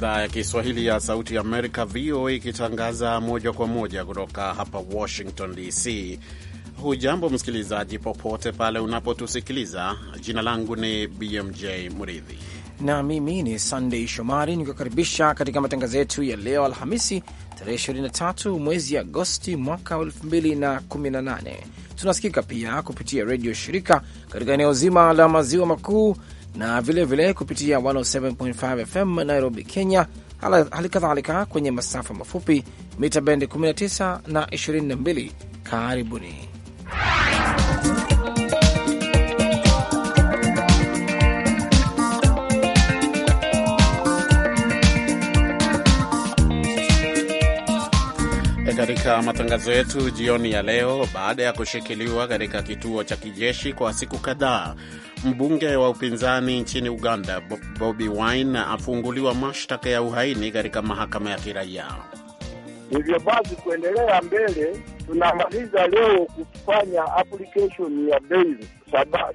idhaa ya Kiswahili ya Sauti Amerika, VOA, ikitangaza moja kwa moja kutoka hapa Washington DC. Hujambo msikilizaji, popote pale unapotusikiliza. Jina langu ni BMJ mridhi na mimi ni Sandey Shomari, nikukaribisha katika matangazo yetu ya leo Alhamisi, tarehe 23 mwezi Agosti mwaka 2018. Tunasikika pia kupitia redio shirika katika eneo zima la maziwa makuu na vilevile vile kupitia 107.5 FM Nairobi, Kenya, hali kadhalika kwenye masafa mafupi mita bendi 19 na 22. Karibuni. katika matangazo yetu jioni ya leo. Baada ya kushikiliwa katika kituo cha kijeshi kwa siku kadhaa, mbunge wa upinzani nchini Uganda Bobi Wine afunguliwa mashtaka ya uhaini katika mahakama ya kiraia. Hivyo basi kuendelea mbele, tunamaliza leo kufanya application ya bail.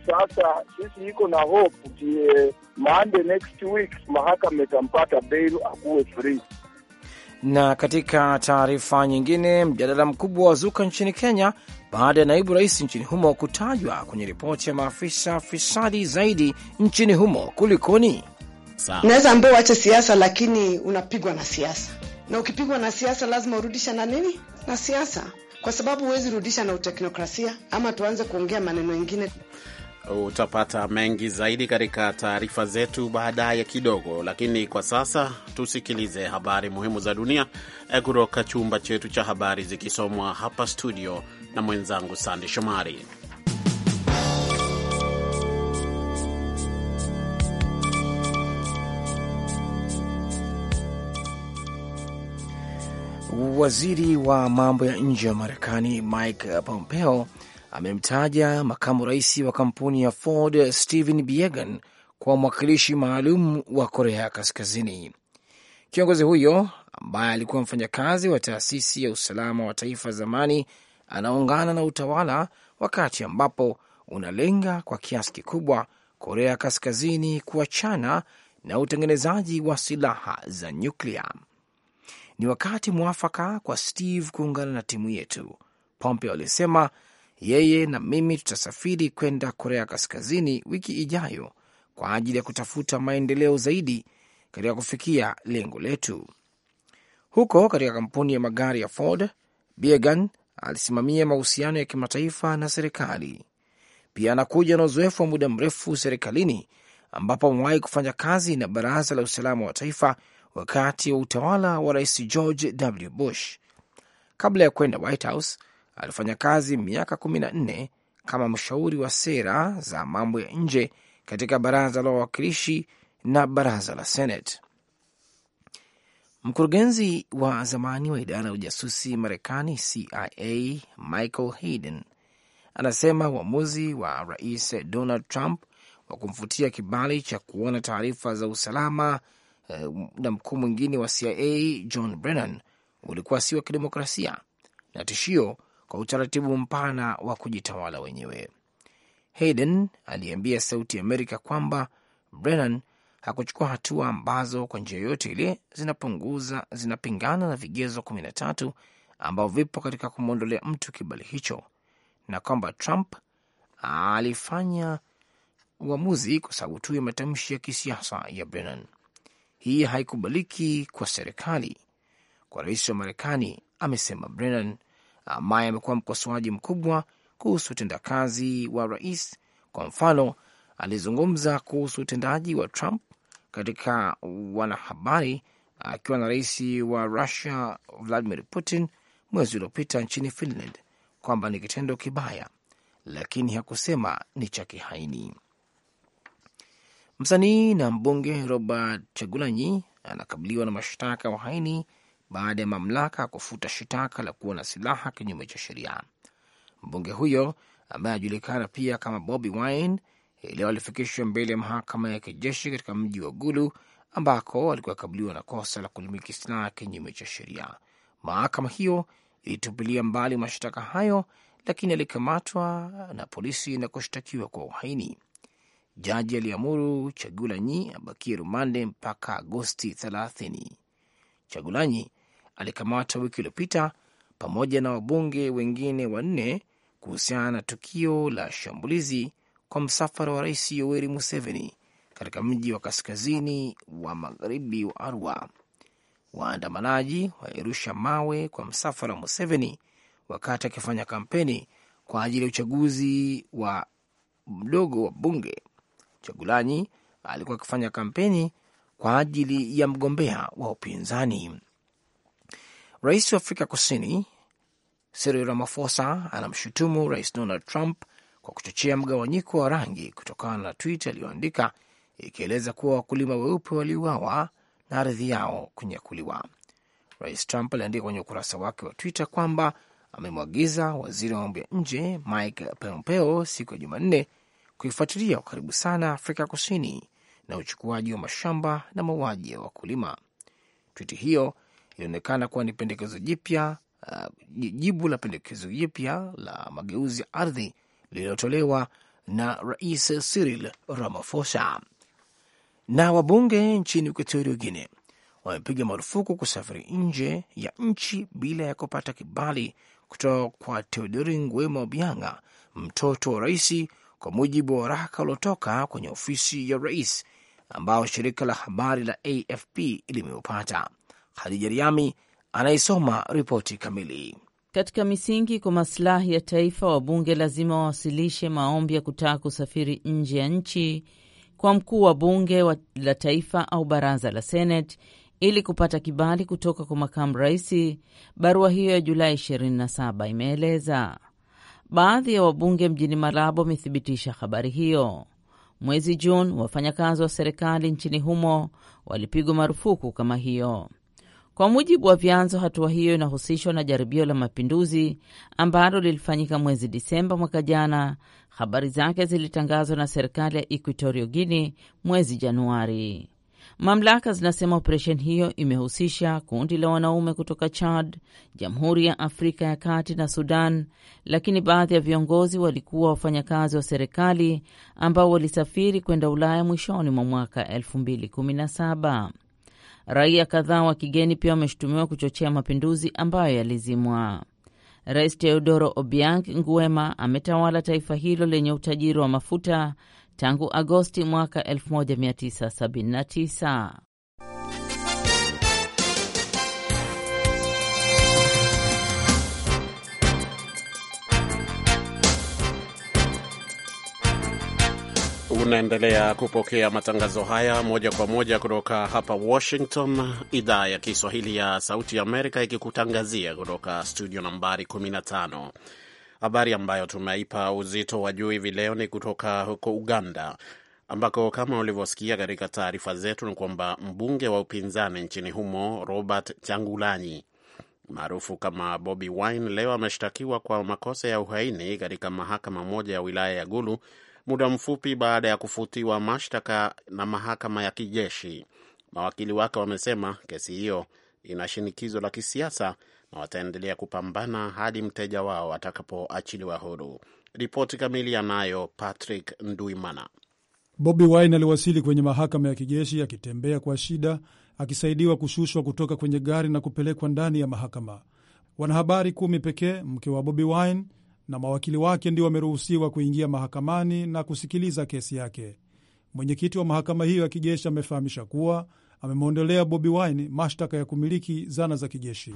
Sasa sisi iko na hope tie maande next week mahakama itampata bail akuwe free. Na katika taarifa nyingine, mjadala mkubwa wa zuka nchini Kenya baada ya naibu rais nchini humo kutajwa kwenye ripoti ya maafisa fisadi zaidi nchini humo. Kulikoni? Naweza ambao wache siasa, lakini unapigwa na siasa, na ukipigwa na siasa lazima urudisha na nini na siasa, kwa sababu huwezi rudisha na uteknokrasia, ama tuanze kuongea maneno mengine. Utapata mengi zaidi katika taarifa zetu baadaye kidogo, lakini kwa sasa tusikilize habari muhimu za dunia eh, kutoka chumba chetu cha habari, zikisomwa hapa studio na mwenzangu Sande Shomari. Waziri wa mambo ya nje wa Marekani Mike Pompeo amemtaja makamu rais wa kampuni ya Ford stehen Biegun kwa mwakilishi maalum wa Korea Kaskazini. Kiongozi huyo ambaye alikuwa mfanyakazi wa taasisi ya usalama wa taifa zamani, anaungana na utawala wakati ambapo unalenga kwa kiasi kikubwa Korea Kaskazini kuachana na utengenezaji wa silaha za nyuklia. Ni wakati mwafaka kwa Steve kuungana na timu yetu, Pompeo alisema yeye na mimi tutasafiri kwenda Korea Kaskazini wiki ijayo kwa ajili ya kutafuta maendeleo zaidi katika kufikia lengo letu. Huko katika kampuni ya magari ya Ford, Biegan alisimamia mahusiano ya kimataifa na serikali. Pia anakuja na uzoefu wa muda mrefu serikalini, ambapo amewahi kufanya kazi na Baraza la Usalama wa Taifa wakati wa utawala wa Rais George W. Bush. Kabla ya kwenda White House, alifanya kazi miaka kumi na nne kama mshauri wa sera za mambo ya nje katika baraza la wawakilishi na baraza la Senate. Mkurugenzi wa zamani wa idara ya ujasusi Marekani, CIA, Michael Hayden anasema uamuzi wa Rais Donald Trump wa kumfutia kibali cha kuona taarifa za usalama eh, na mkuu mwingine wa CIA John Brennan ulikuwa si wa kidemokrasia na tishio kwa utaratibu mpana wa kujitawala wenyewe. Hayden aliambia Sauti Amerika kwamba Brennan hakuchukua hatua ambazo kwa njia yoyote ile zinapunguza zinapingana na vigezo 13 ambavyo vipo katika kumwondolea mtu kibali hicho, na kwamba Trump alifanya uamuzi kwa sababu tu ya matamshi ya kisiasa ya Brennan. Hii haikubaliki kwa serikali, kwa rais wa Marekani, amesema Brennan ambaye amekuwa mkosoaji mkubwa kuhusu utendakazi wa rais. Kwa mfano, alizungumza kuhusu utendaji wa Trump katika wanahabari akiwa na rais wa Russia Vladimir Putin mwezi uliopita nchini Finland kwamba ni kitendo kibaya, lakini hakusema ni cha kihaini. Msanii na mbunge Robert Chagulanyi anakabiliwa na mashtaka wa haini baada ya mamlaka kufuta shitaka la kuwa na silaha kinyume cha sheria. Mbunge huyo ambaye anajulikana pia kama Bobi Wine leo alifikishwa mbele ya mahakama ya kijeshi katika mji wa Gulu ambako alikuwa akabiliwa na kosa la kulimiki silaha kinyume cha sheria. Mahakama hiyo ilitupilia mbali mashtaka hayo, lakini alikamatwa na polisi na kushtakiwa kwa uhaini. Jaji aliamuru Chagulanyi abakie rumande mpaka Agosti 30. Chagulanyi alikamata wiki iliyopita pamoja na wabunge wengine wanne kuhusiana na tukio la shambulizi kwa msafara wa rais Yoweri Museveni katika mji wa kaskazini wa magharibi wa Arua. Waandamanaji walirusha mawe kwa msafara wa Museveni wakati akifanya kampeni kwa ajili ya uchaguzi wa mdogo wa bunge. Chagulanyi alikuwa akifanya kampeni kwa ajili ya mgombea wa upinzani. Rais wa Afrika Kusini Cyril Ramaphosa anamshutumu Rais Donald Trump kwa kuchochea mgawanyiko wa rangi kutokana na tweet aliyoandika ikieleza kuwa wakulima weupe waliuawa na ardhi yao kunyakuliwa. Rais Trump aliandika kwenye ukurasa wake wa Twitter kwamba amemwagiza waziri wa mambo ya nje Mike Pompeo siku ya Jumanne kuifuatilia kwa karibu sana Afrika Kusini na uchukuaji wa mashamba na mauaji ya wakulima. Twiti hiyo ilionekana kuwa ni pendekezo jipya, uh, jibu la pendekezo jipya la mageuzi ya ardhi lililotolewa na Rais Cyril Ramaphosa. Na wabunge nchini Equatorio wengine wamepiga marufuku kusafiri nje ya nchi bila ya kupata kibali kutoka kwa Teodori Nguema Obianga, mtoto wa rais, kwa mujibu wa waraka uliotoka kwenye ofisi ya rais ambao shirika la habari la AFP limeupata. Hadija Riami anaisoma ripoti kamili. Katika misingi kwa masilahi ya taifa, wabunge lazima wawasilishe maombi ya kutaka kusafiri nje ya nchi kwa mkuu wa bunge la taifa au baraza la Seneti ili kupata kibali kutoka kwa makamu raisi. Barua hiyo ya Julai 27 imeeleza. Baadhi ya wabunge mjini Malabo wamethibitisha habari hiyo. Mwezi Juni, wafanyakazi wa serikali nchini humo walipigwa marufuku kama hiyo. Kwa mujibu wa vyanzo, hatua hiyo inahusishwa na jaribio la mapinduzi ambalo lilifanyika mwezi Disemba mwaka jana. Habari zake zilitangazwa na serikali ya Equatorio Guinea mwezi Januari. Mamlaka zinasema operesheni hiyo imehusisha kundi la wanaume kutoka Chad, Jamhuri ya Afrika ya Kati na Sudan, lakini baadhi ya viongozi walikuwa wafanyakazi wa serikali ambao walisafiri kwenda Ulaya mwishoni mwa mwaka 2017. Raia kadhaa wa kigeni pia wameshutumiwa kuchochea mapinduzi ambayo yalizimwa. Rais Teodoro Obiang Nguema ametawala taifa hilo lenye utajiri wa mafuta tangu Agosti mwaka 1979. Unaendelea kupokea matangazo haya moja kwa moja kutoka hapa Washington, idhaa ya Kiswahili ya Sauti ya Amerika ikikutangazia kutoka studio nambari 15. Habari ambayo tumeipa uzito wa juu hivi leo ni kutoka huko Uganda ambako kama ulivyosikia katika taarifa zetu ni kwamba mbunge wa upinzani nchini humo Robert Changulanyi maarufu kama Bobi Wine leo ameshtakiwa kwa makosa ya uhaini katika mahakama moja ya wilaya ya Gulu muda mfupi baada ya kufutiwa mashtaka na mahakama ya kijeshi. Mawakili wake wamesema kesi hiyo ina shinikizo la kisiasa na wataendelea kupambana hadi mteja wao atakapoachiliwa huru. Ripoti kamili anayo Patrick Nduimana. Bobi Wine aliwasili kwenye mahakama ya kijeshi akitembea kwa shida, akisaidiwa kushushwa kutoka kwenye gari na kupelekwa ndani ya mahakama. Wanahabari kumi pekee, mke wa Bobi Wine na mawakili wake ndio wameruhusiwa kuingia mahakamani na kusikiliza kesi yake. Mwenyekiti wa mahakama hiyo ya kijeshi amefahamisha kuwa amemwondolea Bobi Wine mashtaka ya kumiliki zana za kijeshi.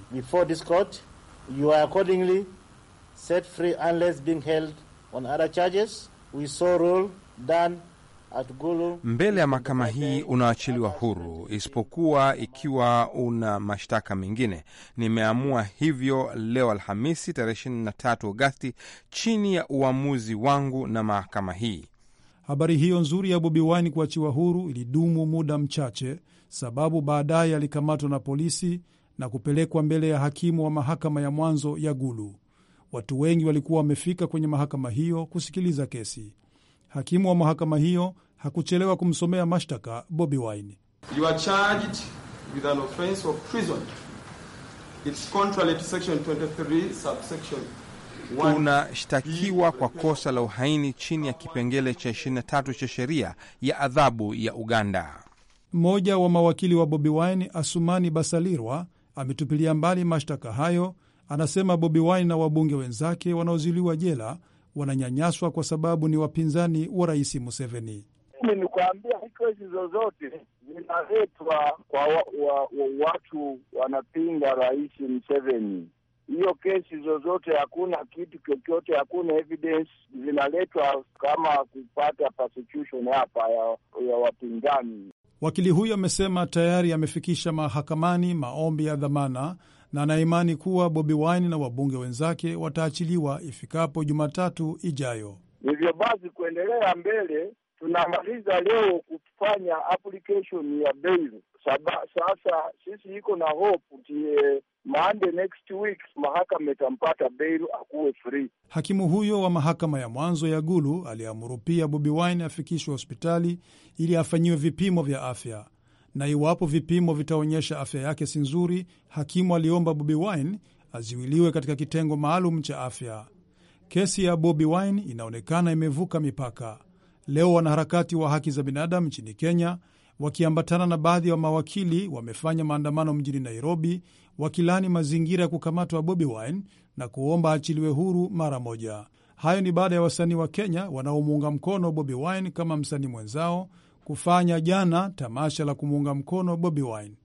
Mbele ya mahakama hii unaachiliwa huru, isipokuwa ikiwa una mashtaka mengine. Nimeamua hivyo leo Alhamisi, tarehe 23 Agosti, chini ya uamuzi wangu na mahakama hii. Habari hiyo nzuri ya Bobi Wine kuachiwa huru ilidumu muda mchache, sababu baadaye alikamatwa na polisi na kupelekwa mbele ya hakimu wa mahakama ya mwanzo ya Gulu. Watu wengi walikuwa wamefika kwenye mahakama hiyo kusikiliza kesi. Hakimu wa mahakama hiyo hakuchelewa kumsomea mashtaka Bobi Wine. Unashtakiwa kwa kosa la uhaini chini ya kipengele cha 23 cha sheria ya adhabu ya Uganda. Mmoja wa mawakili wa Bobi Wine, Asumani Basalirwa, ametupilia mbali mashtaka hayo. Anasema Bobi Wine na wabunge wenzake wanaozuiliwa jela wananyanyaswa kwa sababu ni wapinzani wa rais Museveni. Mimi nikuambia hiko zozote zinaletwa kwa wa, wa, wa, watu wanapinga rais Museveni. Hiyo kesi zozote, hakuna kitu chochote, hakuna evidence zinaletwa kama kupata hapa ya, ya wapinzani. Wakili huyo amesema tayari amefikisha mahakamani maombi ya dhamana na anaimani kuwa Bobi Wine na wabunge wenzake wataachiliwa ifikapo Jumatatu ijayo. Hivyo basi kuendelea mbele, tunamaliza leo kufanya application ya bail saba. Sasa sisi iko na hope tie Monday next week mahakama itampata bail akuwe free. Hakimu huyo wa mahakama ya mwanzo ya Gulu aliamuru pia Bobi Wine afikishwe hospitali ili afanyiwe vipimo vya afya na iwapo vipimo vitaonyesha afya yake si nzuri, hakimu aliomba Bobi Wine aziwiliwe katika kitengo maalum cha afya. Kesi ya Bobi Wine inaonekana imevuka mipaka. Leo wanaharakati wa haki za binadamu nchini Kenya wakiambatana na baadhi ya wa mawakili wamefanya maandamano mjini Nairobi wakilani mazingira ya kukamatwa Bobi Wine na kuomba achiliwe huru mara moja. Hayo ni baada ya wasanii wa Kenya wanaomuunga mkono Bobi Wine kama msanii mwenzao kufanya jana tamasha la kumuunga mkono Bobi Wine.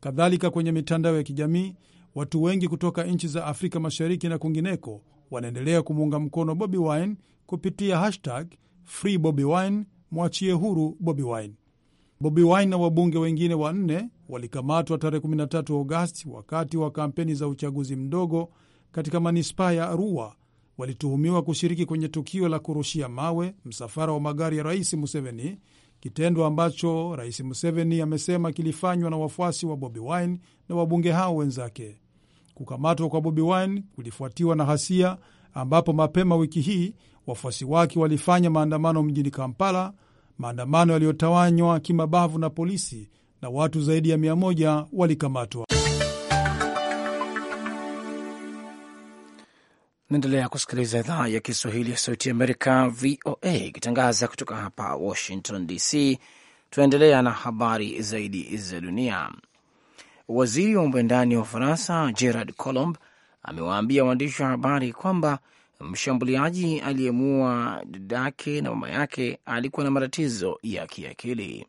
Kadhalika, kwenye mitandao ya kijamii, watu wengi kutoka nchi za Afrika Mashariki na kwingineko wanaendelea kumuunga mkono Bobi Wine kupitia hashtag Free Bobi Wine, mwachie huru Bobi Wine. Bobi Wine na wabunge wengine wanne walikamatwa tarehe 13 Agosti wakati wa kampeni za uchaguzi mdogo katika manispaa ya Arua. Walituhumiwa kushiriki kwenye tukio la kurushia mawe msafara wa magari ya Rais Museveni kitendo ambacho Rais Museveni amesema kilifanywa na wafuasi wa Bobi Wine na wabunge hao wenzake. Kukamatwa kwa Bobi Wine kulifuatiwa na hasia, ambapo mapema wiki hii wafuasi wake walifanya maandamano mjini Kampala, maandamano yaliyotawanywa kimabavu na polisi na watu zaidi ya mia moja walikamatwa. Naendelea kusikiliza idhaa ya Kiswahili ya Sauti Amerika, VOA, ikitangaza kutoka hapa Washington DC. Tunaendelea na habari zaidi za dunia. Waziri wa mambo ya ndani wa Ufaransa Gerard Colomb amewaambia waandishi wa habari kwamba mshambuliaji aliyemuua dadake na mama yake alikuwa na matatizo ya kiakili.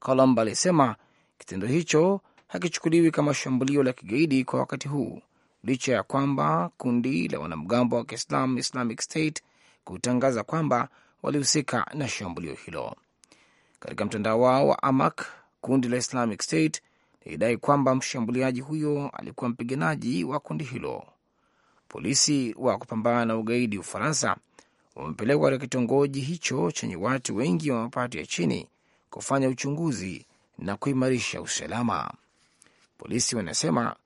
Colomb alisema kitendo hicho hakichukuliwi kama shambulio la kigaidi kwa wakati huu licha ya kwamba kundi la wanamgambo wa Kiislam Islamic State kutangaza kwamba walihusika na shambulio hilo. Katika mtandao wao wa Amak, kundi la Islamic State lilidai kwamba mshambuliaji huyo alikuwa mpiganaji wa kundi hilo. Polisi wa kupambana na ugaidi Ufaransa wamepelekwa katika kitongoji hicho chenye watu wengi wa mapato ya chini kufanya uchunguzi na kuimarisha usalama. Polisi wanasema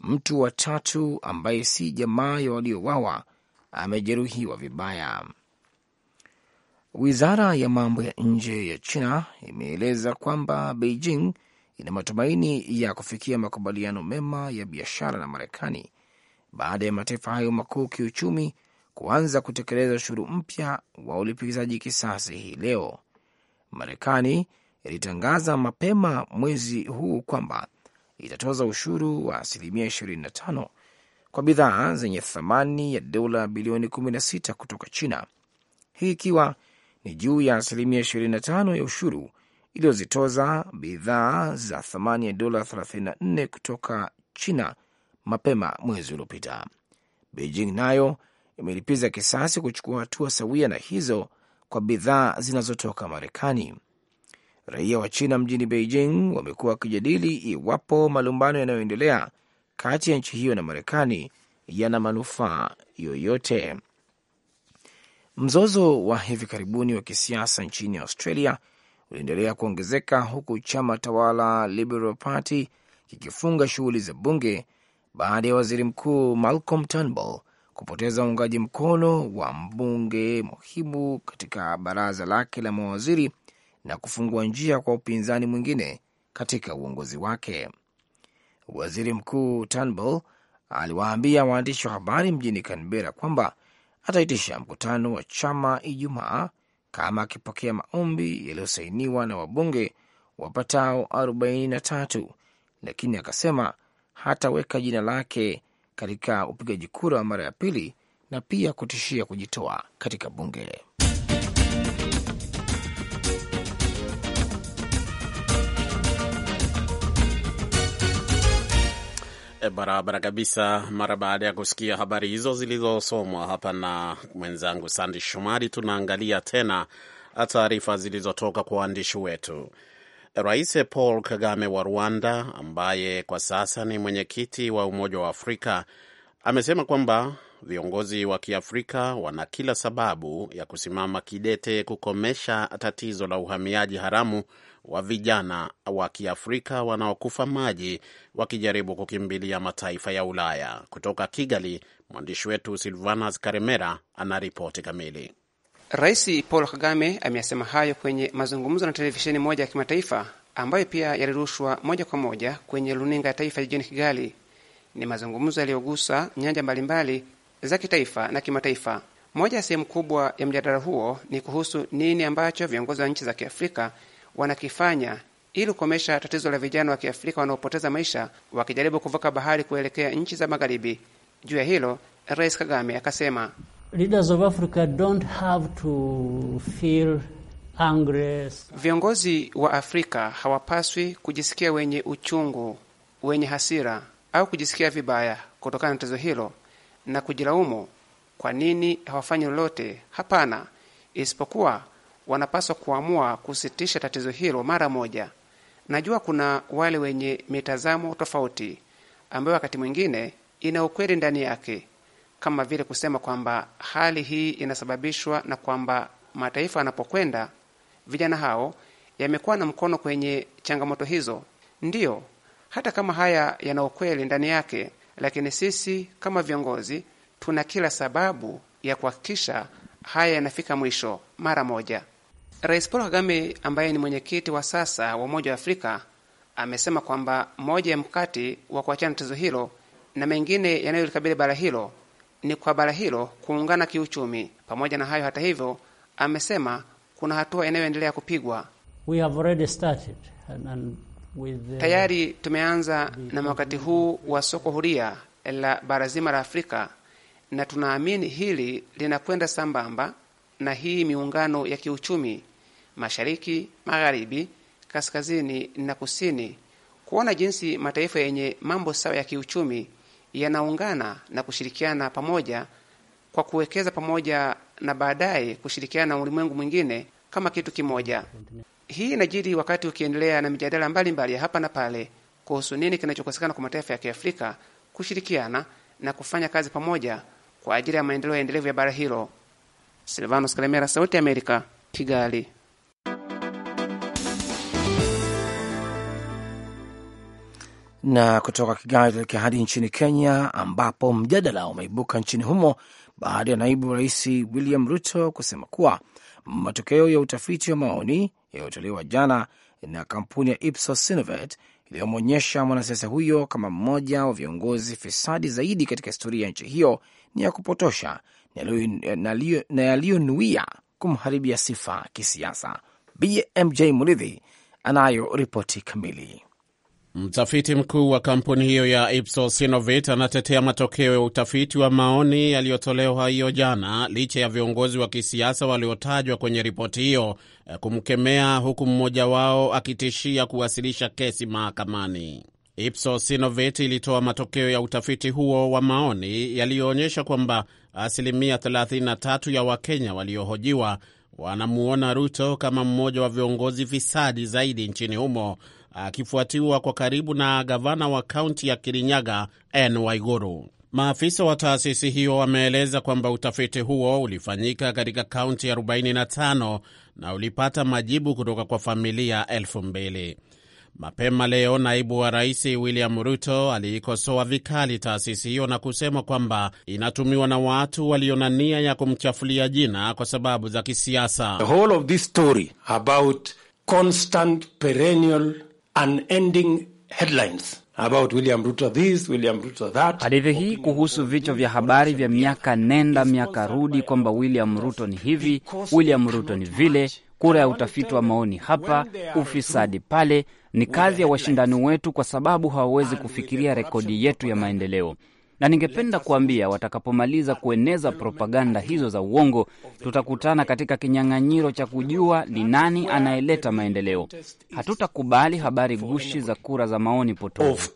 Mtu wa tatu ambaye si jamaa ya waliowawa amejeruhiwa vibaya. Wizara ya mambo ya nje ya China imeeleza kwamba Beijing ina matumaini ya kufikia makubaliano mema ya biashara na Marekani baada ya mataifa hayo makuu kiuchumi kuanza kutekeleza ushuru mpya wa ulipizaji kisasi hii leo. Marekani ilitangaza mapema mwezi huu kwamba itatoza ushuru wa asilimia 25 kwa bidhaa zenye thamani ya dola bilioni 16 kutoka China, hii ikiwa ni juu ya asilimia 25 ya ushuru iliyozitoza bidhaa za thamani ya dola 34 kutoka China mapema mwezi uliopita. Beijing nayo imelipiza kisasi kuchukua hatua sawia na hizo kwa bidhaa zinazotoka Marekani. Raia wa China mjini Beijing wamekuwa wakijadili iwapo malumbano yanayoendelea kati ya nchi hiyo na Marekani yana manufaa yoyote. Mzozo wa hivi karibuni wa kisiasa nchini Australia uliendelea kuongezeka huku chama tawala Liberal Party kikifunga shughuli za bunge baada ya waziri mkuu Malcolm Turnbull kupoteza uungaji mkono wa mbunge muhimu katika baraza lake la mawaziri na kufungua njia kwa upinzani mwingine katika uongozi wake. Waziri Mkuu Turnbull aliwaambia waandishi wa habari mjini Canberra kwamba ataitisha mkutano wa chama Ijumaa kama akipokea maombi yaliyosainiwa na wabunge wapatao 43 lakini akasema hataweka jina lake katika upigaji kura wa mara ya pili na pia kutishia kujitoa katika bunge. Eh, barabara kabisa. Mara baada ya kusikia habari hizo zilizosomwa hapa na mwenzangu Sandi Shomari, tunaangalia tena taarifa zilizotoka kwa waandishi wetu. Rais Paul Kagame wa Rwanda, ambaye kwa sasa ni mwenyekiti wa Umoja wa Afrika, amesema kwamba viongozi wa Kiafrika wana kila sababu ya kusimama kidete kukomesha tatizo la uhamiaji haramu wa vijana wa Kiafrika wanaokufa maji wakijaribu kukimbilia mataifa ya Ulaya. Kutoka Kigali, mwandishi wetu Silvanas Karemera ana ripoti kamili. Rais Paul Kagame ameyasema hayo kwenye mazungumzo na televisheni moja ya kimataifa ambayo pia yalirushwa moja kwa moja kwenye runinga ya taifa jijini Kigali. Ni mazungumzo yaliyogusa nyanja mbalimbali za kitaifa na kimataifa. Moja ya sehemu kubwa ya mjadala huo ni kuhusu nini ambacho viongozi wa nchi za Kiafrika wanakifanya ili kukomesha tatizo la vijana wa Kiafrika wanaopoteza maisha wakijaribu kuvuka bahari kuelekea nchi za magharibi. Juu ya hilo, Rais Kagame akasema Leaders of Africa don't have to feel angry. Viongozi wa Afrika hawapaswi kujisikia wenye uchungu, wenye hasira au kujisikia vibaya kutokana na tatizo hilo na kujilaumu kwa nini hawafanyi lolote. Hapana, isipokuwa wanapaswa kuamua kusitisha tatizo hilo mara moja. Najua kuna wale wenye mitazamo tofauti ambayo wakati mwingine ina ukweli ndani yake, kama vile kusema kwamba hali hii inasababishwa na kwamba mataifa yanapokwenda, vijana hao yamekuwa na mkono kwenye changamoto hizo. Ndiyo, hata kama haya yana ukweli ndani yake, lakini sisi kama viongozi tuna kila sababu ya kuhakikisha haya yanafika mwisho mara moja. Rais Paul Kagame ambaye ni mwenyekiti wa sasa wa Umoja wa Afrika amesema kwamba moja ya mkati wa kuachana tatizo hilo na mengine yanayolikabili bara hilo ni kwa bara hilo kuungana kiuchumi. Pamoja na hayo, hata hivyo, amesema kuna hatua inayoendelea kupigwa. We have already started and, and with the... tayari tumeanza na wakati huu wa soko huria la bara zima la Afrika, na tunaamini hili linakwenda sambamba na hii miungano ya kiuchumi mashariki, magharibi, kaskazini na kusini, kuona jinsi mataifa yenye mambo sawa ya kiuchumi yanaungana na kushirikiana pamoja kwa kuwekeza pamoja na baadaye kushirikiana na ulimwengu mwingine kama kitu kimoja. Hii inajiri wakati ukiendelea na mijadala mbalimbali ya hapa na pale kuhusu nini kinachokosekana kwa mataifa ya Kiafrika kushirikiana na kufanya kazi pamoja kwa ajili ya maendeleo endelevu ya bara hilo. Silvanos Kalemera, Sauti ya Amerika, Kigali. Na kutoka Kigali tuelekea hadi nchini Kenya, ambapo mjadala umeibuka nchini humo baada ya naibu rais William Ruto kusema kuwa matokeo ya utafiti wa maoni yaliyotolewa jana na kampuni ya Ipsos Synovate iliyomwonyesha mwanasiasa huyo kama mmoja wa viongozi fisadi zaidi katika historia ya nchi hiyo ni ya kupotosha na yaliyonuia kumharibia sifa kisiasa. BMJ Muridhi anayo ripoti kamili. Mtafiti mkuu wa kampuni hiyo ya Ipsos Sinovit anatetea matokeo ya utafiti wa maoni yaliyotolewa hiyo jana, licha ya viongozi wa kisiasa waliotajwa kwenye ripoti hiyo eh, kumkemea, huku mmoja wao akitishia kuwasilisha kesi mahakamani. Ipsos Sinovit ilitoa matokeo ya utafiti huo wa maoni yaliyoonyesha kwamba asilimia 33 ya Wakenya waliohojiwa wanamuona Ruto kama mmoja wa viongozi fisadi zaidi nchini humo akifuatiwa kwa karibu na gavana wa kaunti ya Kirinyaga N Waiguru. Maafisa wa taasisi hiyo wameeleza kwamba utafiti huo ulifanyika katika kaunti 45 na ulipata majibu kutoka kwa familia elfu mbili. Mapema leo naibu wa rais William Ruto aliikosoa vikali taasisi hiyo na kusema kwamba inatumiwa na watu walio na nia ya kumchafulia jina kwa sababu za kisiasa. The whole of this story about constant perennial unending headlines about William Ruto this, William Ruto that. Hadithi hii kuhusu vichwa vya habari vya miaka nenda miaka rudi kwamba William Ruto ni hivi, William Ruto ni vile, kura ya utafiti wa maoni hapa, ufisadi pale, ni kazi ya washindani wetu, kwa sababu hawawezi kufikiria rekodi yetu ya maendeleo na ningependa kuambia watakapomaliza kueneza propaganda hizo za uongo, tutakutana katika kinyang'anyiro cha kujua ni nani anayeleta maendeleo. Hatutakubali habari gushi za kura za maoni potofu.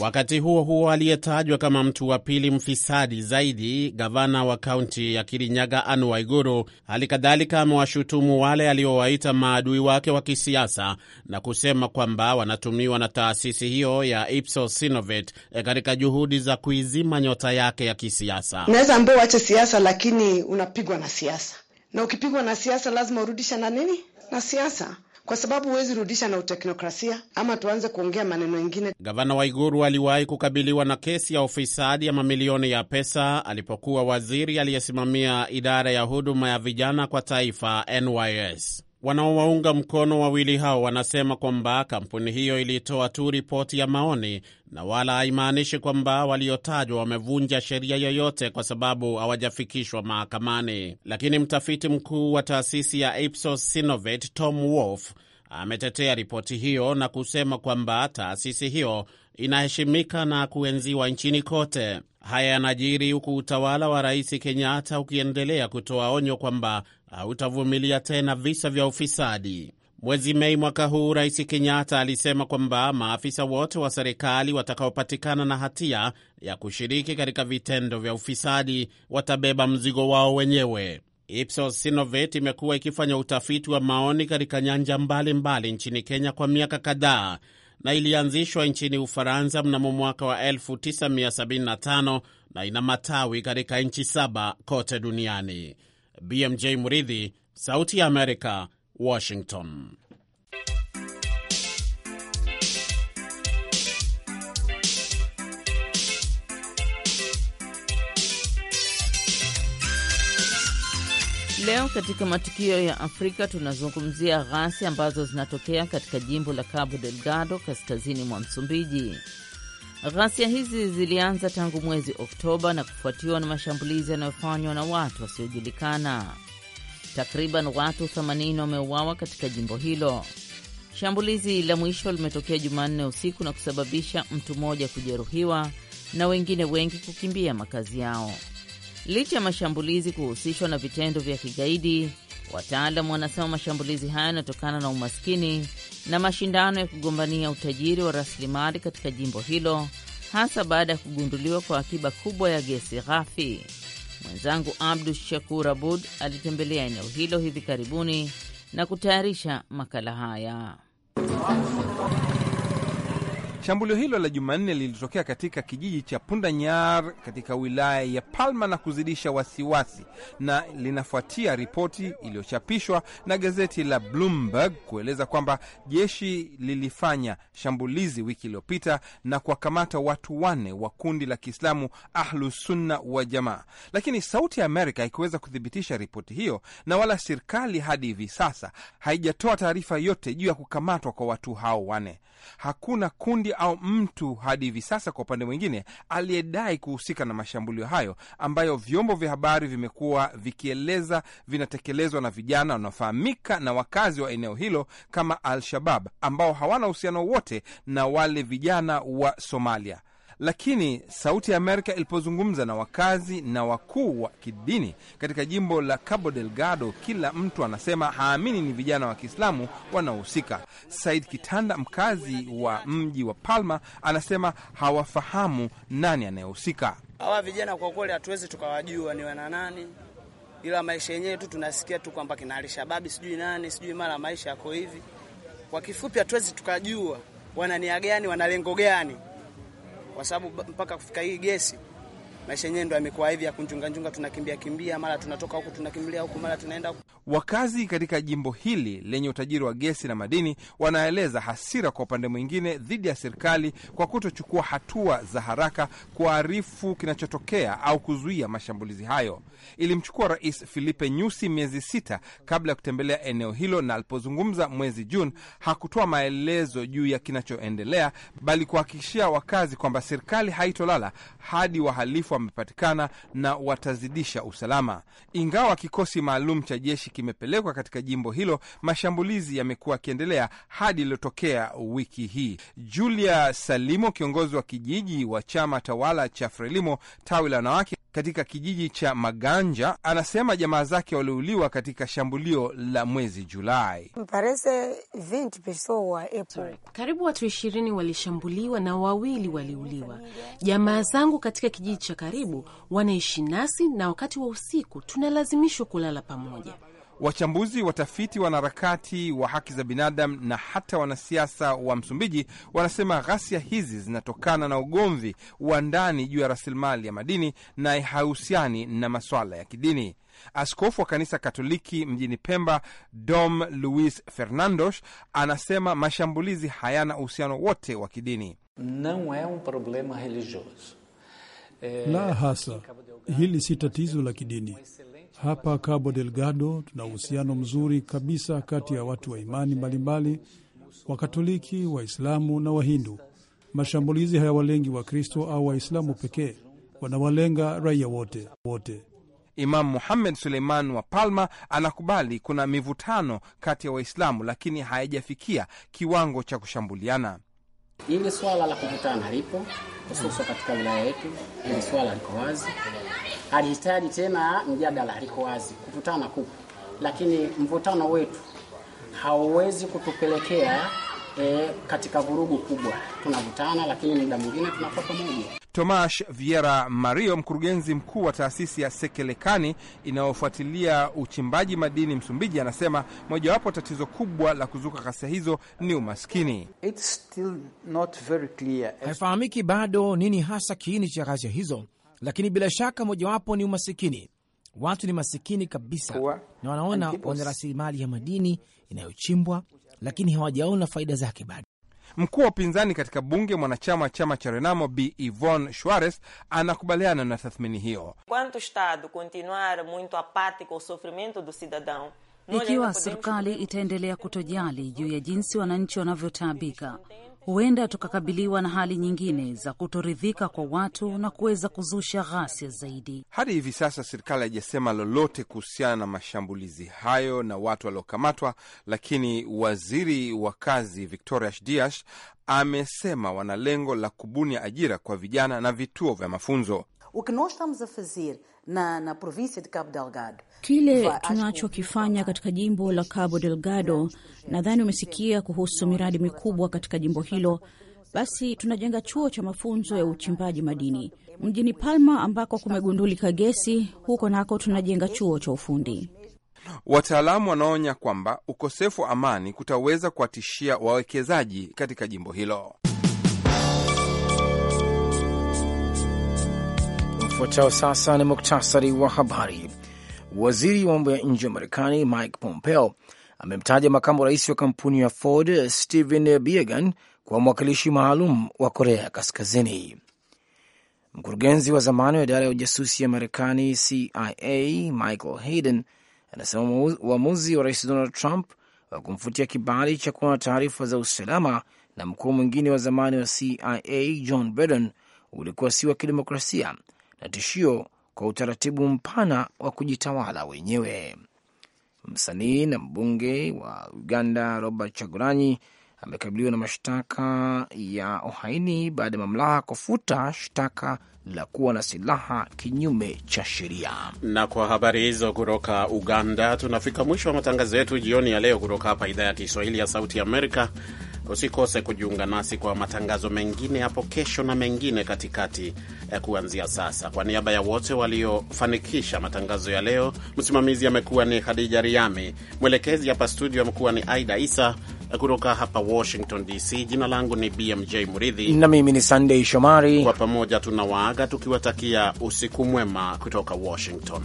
Wakati huo huo, aliyetajwa kama mtu wa pili mfisadi zaidi, gavana wa kaunti ya Kirinyaga Anne Waiguru, hali kadhalika amewashutumu wale aliowaita maadui wake wa kisiasa na kusema kwamba wanatumiwa na taasisi hiyo ya Ipsos Sinovet eh, katika juhudi za kuizima nyota yake ya kisiasa. Unaweza ambao uache siasa, lakini unapigwa na siasa, na ukipigwa na siasa lazima urudisha na nini na siasa kwa sababu huwezi rudisha na uteknokrasia ama tuanze kuongea maneno mengine. Gavana Waiguru aliwahi kukabiliwa na kesi ya ufisadi ya mamilioni ya pesa alipokuwa waziri aliyesimamia idara ya huduma ya vijana kwa taifa NYS. Wanaowaunga mkono wawili hao wanasema kwamba kampuni hiyo ilitoa tu ripoti ya maoni na wala haimaanishi kwamba waliotajwa wamevunja sheria yoyote, kwa sababu hawajafikishwa mahakamani. Lakini mtafiti mkuu wa taasisi ya Ipsos Synovate Tom Wolf ametetea ripoti hiyo na kusema kwamba taasisi hiyo inaheshimika na kuenziwa nchini kote. Haya yanajiri huku utawala wa Rais Kenyatta ukiendelea kutoa onyo kwamba hautavumilia tena visa vya ufisadi. Mwezi Mei mwaka huu, Rais Kenyatta alisema kwamba maafisa wote wa serikali watakaopatikana na hatia ya kushiriki katika vitendo vya ufisadi watabeba mzigo wao wenyewe. Ipsos Sinovet imekuwa ikifanya utafiti wa maoni katika nyanja mbalimbali mbali nchini Kenya kwa miaka kadhaa na ilianzishwa nchini Ufaransa mnamo mwaka wa 1975 na ina matawi katika nchi saba kote duniani. BMJ Muridhi, Sauti ya Amerika, Washington. Leo katika matukio ya Afrika tunazungumzia ghasia ambazo zinatokea katika jimbo la Cabo Delgado kaskazini mwa Msumbiji. Ghasia hizi zilianza tangu mwezi Oktoba na kufuatiwa na mashambulizi yanayofanywa na watu wasiojulikana. Takriban watu 80 wameuawa katika jimbo hilo. Shambulizi la mwisho limetokea Jumanne usiku na kusababisha mtu mmoja kujeruhiwa na wengine wengi kukimbia makazi yao. Licha ya mashambulizi kuhusishwa na vitendo vya kigaidi, Wataalamu wanasema mashambulizi hayo yanatokana na umaskini na mashindano ya kugombania utajiri wa rasilimali katika jimbo hilo, hasa baada ya kugunduliwa kwa akiba kubwa ya gesi ghafi. Mwenzangu Abdu Shakur Abud alitembelea eneo hilo hivi karibuni na kutayarisha makala haya. Shambulio hilo la Jumanne lilitokea katika kijiji cha Pundanyar katika wilaya ya Palma na kuzidisha wasiwasi, na linafuatia ripoti iliyochapishwa na gazeti la Bloomberg kueleza kwamba jeshi lilifanya shambulizi wiki iliyopita na kuwakamata watu wanne wa kundi la Kiislamu Ahlusunna wa Jamaa, lakini Sauti ya Amerika haikuweza kuthibitisha ripoti hiyo na wala serikali hadi hivi sasa haijatoa taarifa yote juu ya kukamatwa kwa watu hao wanne. Hakuna kundi au mtu hadi hivi sasa, kwa upande mwingine, aliyedai kuhusika na mashambulio hayo ambayo vyombo vya habari vimekuwa vikieleza vinatekelezwa na vijana wanaofahamika na wakazi wa eneo hilo kama Al-Shabab ambao hawana uhusiano wote na wale vijana wa Somalia. Lakini Sauti ya Amerika ilipozungumza na wakazi na wakuu wa kidini katika jimbo la Cabo Delgado, kila mtu anasema haamini ni vijana wa Kiislamu wanaohusika. Said Kitanda, mkazi wa mji wa Palma, anasema hawafahamu nani anayehusika. Hawa vijana kwa kweli hatuwezi tukawajua ni wana nani, ila maisha yenyewe tu tunasikia tu kwamba kina Alishababi sijui nani sijui mara maisha yako hivi. Kwa kifupi, hatuwezi tukajua wana nia gani, wana lengo gani kwa sababu mpaka kufika hii gesi maisha yenyewe ndo yamekuwa hivi ya kunjunga njunga, tunakimbia kimbia, mara tunatoka huku tunakimbilia huku, mara tunaenda huku. Wakazi katika jimbo hili lenye utajiri wa gesi na madini wanaeleza hasira kwa upande mwingine dhidi ya serikali kwa kutochukua hatua za haraka kuarifu kinachotokea au kuzuia mashambulizi hayo. Ilimchukua Rais Filipe Nyusi miezi sita kabla ya kutembelea eneo hilo, na alipozungumza mwezi Juni hakutoa maelezo juu ya kinachoendelea, bali kuhakikishia wakazi kwamba serikali haitolala hadi wahalifu wamepatikana na watazidisha usalama, ingawa kikosi maalum cha jeshi kimepelekwa katika jimbo hilo, mashambulizi yamekuwa yakiendelea hadi iliyotokea wiki hii. Julia Salimo, kiongozi wa kijiji wa chama tawala cha Frelimo tawi la wanawake katika kijiji cha Maganja, anasema jamaa zake waliuliwa katika shambulio la mwezi Julai. Karibu watu ishirini walishambuliwa na wawili waliuliwa. Jamaa zangu katika kijiji cha karibu wanaishi nasi, na wakati wa usiku tunalazimishwa kulala pamoja. Wachambuzi, watafiti, wanaharakati wa haki za binadamu na hata wanasiasa wa Msumbiji wanasema ghasia hizi zinatokana na ugomvi wa ndani juu ya rasilimali ya madini na haihusiani na maswala ya kidini. Askofu wa kanisa Katoliki mjini Pemba, Dom Luis Fernandos, anasema mashambulizi hayana uhusiano wote wa kidini. Um la hasa, hili si tatizo la kidini hapa Cabo Delgado tuna uhusiano mzuri kabisa kati ya watu wa imani mbalimbali, Wakatoliki, Waislamu na Wahindu. Mashambulizi hayawalengi Wakristo au Waislamu pekee, wanawalenga raia wote wote. Imamu Muhamed Suleiman wa Palma anakubali kuna mivutano kati ya Waislamu, lakini hayajafikia kiwango cha kushambuliana. Hili swala la kuvutana halipo, hususa katika wilaya yetu. Hili swala liko wazi alihitaji tena mjadala, liko wazi, kuvutana kupo, lakini mvutano wetu hauwezi kutupelekea E, katika vurugu kubwa tunavutana, lakini muda mwingine tunakuwa pamoja. Tomash Viera Mario, mkurugenzi mkuu wa taasisi ya Sekelekani inayofuatilia uchimbaji madini Msumbiji, anasema mojawapo tatizo kubwa la kuzuka ghasia hizo ni umaskini. Haifahamiki bado nini hasa kiini cha ghasia hizo, lakini bila shaka mojawapo ni umasikini. Watu ni masikini kabisa Kua, na wanaona wana rasilimali ya madini inayochimbwa, lakini hawajaona faida zake bado. Mkuu wa upinzani katika bunge mwanachama wa chama cha Renamo Bi Yvonne Schwarez anakubaliana na tathmini hiyo. Ikiwa serikali itaendelea kutojali juu ya jinsi wananchi wanavyotaabika, huenda tukakabiliwa na hali nyingine za kutoridhika kwa watu na kuweza kuzusha ghasia zaidi. Hadi hivi sasa serikali haijasema lolote kuhusiana na mashambulizi hayo na watu waliokamatwa, lakini waziri wa kazi Victoria Diash amesema wana lengo la kubuni ajira kwa vijana na vituo vya mafunzo o que nós estamos a fazer na, na província de Cabo Delgado, kile tunachokifanya katika jimbo la Cabo Delgado, nadhani umesikia kuhusu miradi mikubwa katika jimbo hilo. Basi tunajenga chuo cha mafunzo ya uchimbaji madini mjini Palma ambako kumegundulika gesi. Huko nako tunajenga chuo cha ufundi. Wataalamu wanaonya kwamba ukosefu wa amani kutaweza kuwatishia wawekezaji katika jimbo hilo. Ufuatao sasa ni muktasari wa habari. Waziri wa mambo ya nje wa Marekani Mike Pompeo amemtaja makamu rais wa kampuni ya Ford Stephen Biegun kwa mwakilishi maalum wa Korea ya Kaskazini. Mkurugenzi wa zamani wa idara ya ujasusi ya Marekani CIA Michael Hayden anasema uamuzi wa rais Donald Trump wa kumfutia kibali cha kuwa na taarifa za usalama na mkuu mwingine wa zamani wa CIA John Brennan ulikuwa si wa kidemokrasia na tishio kwa utaratibu mpana wa kujitawala wenyewe. Msanii na mbunge wa Uganda Robert chaguranyi amekabiliwa na mashtaka ya uhaini baada ya mamlaka kufuta shtaka la kuwa na silaha kinyume cha sheria. Na kwa habari hizo kutoka Uganda, tunafika mwisho wa matangazo yetu jioni ya leo kutoka hapa idhaa ya Kiswahili ya Sauti Amerika. Usikose kujiunga nasi kwa matangazo mengine hapo kesho na mengine katikati ya eh, kuanzia sasa. Kwa niaba ya wote waliofanikisha matangazo ya leo, msimamizi amekuwa ni Khadija Riami, mwelekezi hapa studio amekuwa ni Aida Isa. Eh, kutoka hapa Washington DC, jina langu ni BMJ Muridhi na mimi ni sandey Shomari. Kwa pamoja tunawaaga tukiwatakia usiku mwema kutoka Washington.